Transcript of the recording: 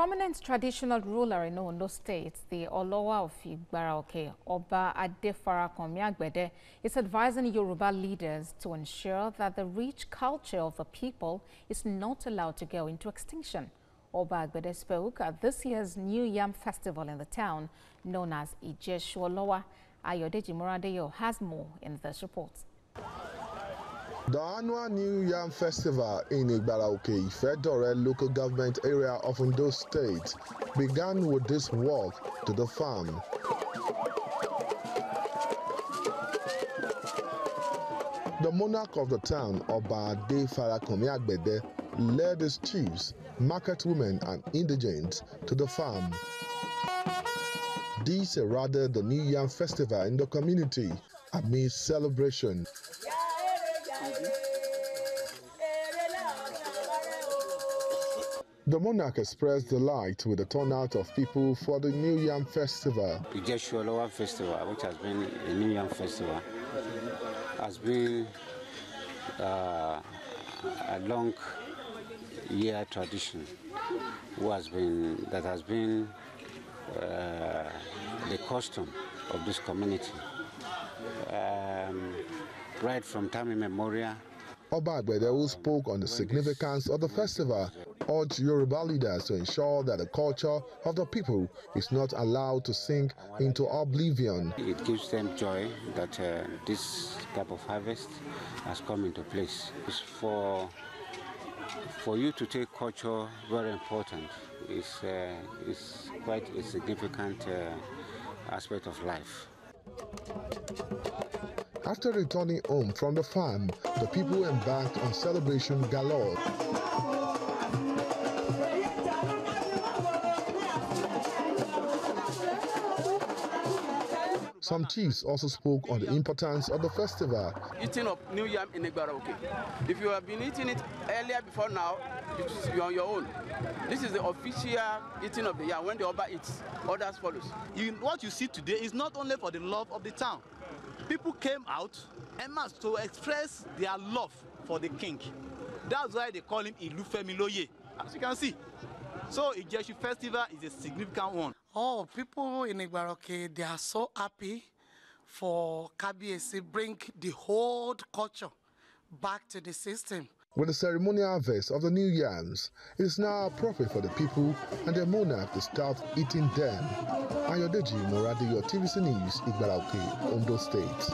prominent traditional ruler in Ondo State, the Olowa of Ibaraoke, Oba Adefara Agbede, is advising Yoruba leaders to ensure that the rich culture of the people is not allowed to go into extinction. Oba Agbede spoke at this year's New Yam Festival in the town known as Ijeshu Olowa. Ayodeji Muradeyo has more in this report. The annual New Yam Festival in Igbalaoke, Federal local government area of Ondo State, began with this walk to the farm. The monarch of the town, Oba De Farakomi Agbede, led his chiefs, market women, and indigents to the farm. This rather the New Yam Festival in the community amid celebration. Yeah. The monarch expressed delight with the turnout of people for the New Yam Festival. The Jeshua Festival, which has been a New Yam Festival, has been uh, a long year tradition has been, that has been uh, the custom of this community right from time immemorial. Oba who spoke on the significance of the festival, urged Yoruba leaders to ensure that the culture of the people is not allowed to sink into oblivion. It gives them joy that uh, this type of harvest has come into place. It's for, for you to take culture very important. It's, uh, it's quite a significant uh, aspect of life. After returning home from the farm, the people embarked on celebration galore. Some chiefs also spoke on the importance of the festival. Eating of new yam in Igbaroke. If you have been eating it earlier before now, you're on your own. This is the official eating of the yam. When the Oba eats, others follows. You, what you see today is not only for the love of the town, people came out and must to express their love for the king that's why they call him Ilufemi Loye as you can see so Ijeshu festival is a significant one. oh people in Igbaroke they are so happy for Kabiyesi bring the whole culture back to the system with the ceremonial harvest of the new yams, it is now appropriate for the people and their monarch to start eating them. Ayodeji Moradi, your TVC News, Igbalauke, Ondo State.